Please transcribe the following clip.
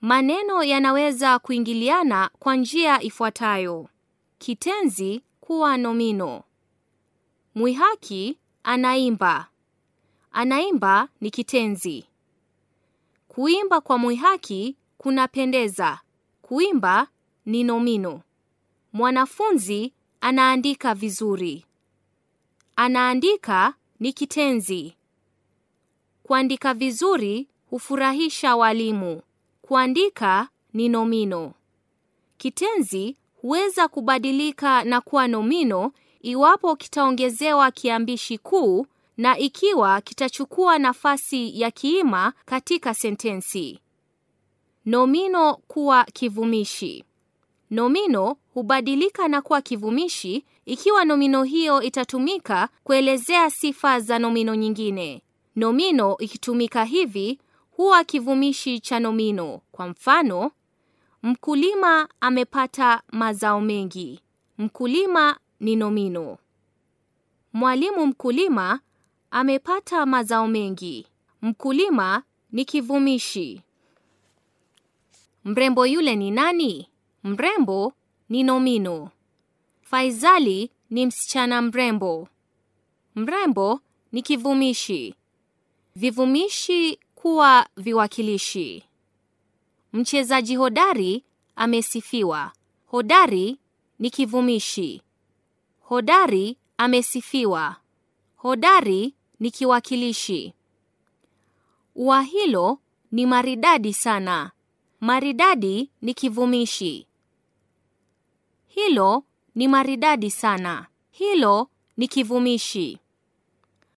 Maneno yanaweza kuingiliana kwa njia ifuatayo: kitenzi kuwa nomino. Mwihaki anaimba. Anaimba ni kitenzi. Kuimba kwa Mwihaki kunapendeza. Kuimba ni nomino. Mwanafunzi anaandika vizuri. Anaandika ni kitenzi. Kuandika vizuri hufurahisha walimu. Kuandika ni nomino. Kitenzi huweza kubadilika na kuwa nomino iwapo kitaongezewa kiambishi kuu na ikiwa kitachukua nafasi ya kiima katika sentensi. Nomino kuwa kivumishi. Nomino hubadilika na kuwa kivumishi ikiwa nomino hiyo itatumika kuelezea sifa za nomino nyingine. Nomino ikitumika hivi huwa kivumishi cha nomino. Kwa mfano, mkulima amepata mazao mengi. Mkulima ni nomino. Mwalimu mkulima amepata mazao mengi. Mkulima ni kivumishi. Mrembo yule ni nani? Mrembo ni nomino. Faizali ni msichana mrembo. Mrembo ni kivumishi. Vivumishi kuwa viwakilishi. Mchezaji hodari amesifiwa. Hodari ni kivumishi. Hodari amesifiwa. Hodari ni kiwakilishi. Ua hilo ni maridadi sana. Maridadi ni kivumishi. Hilo ni maridadi sana. Hilo ni kivumishi.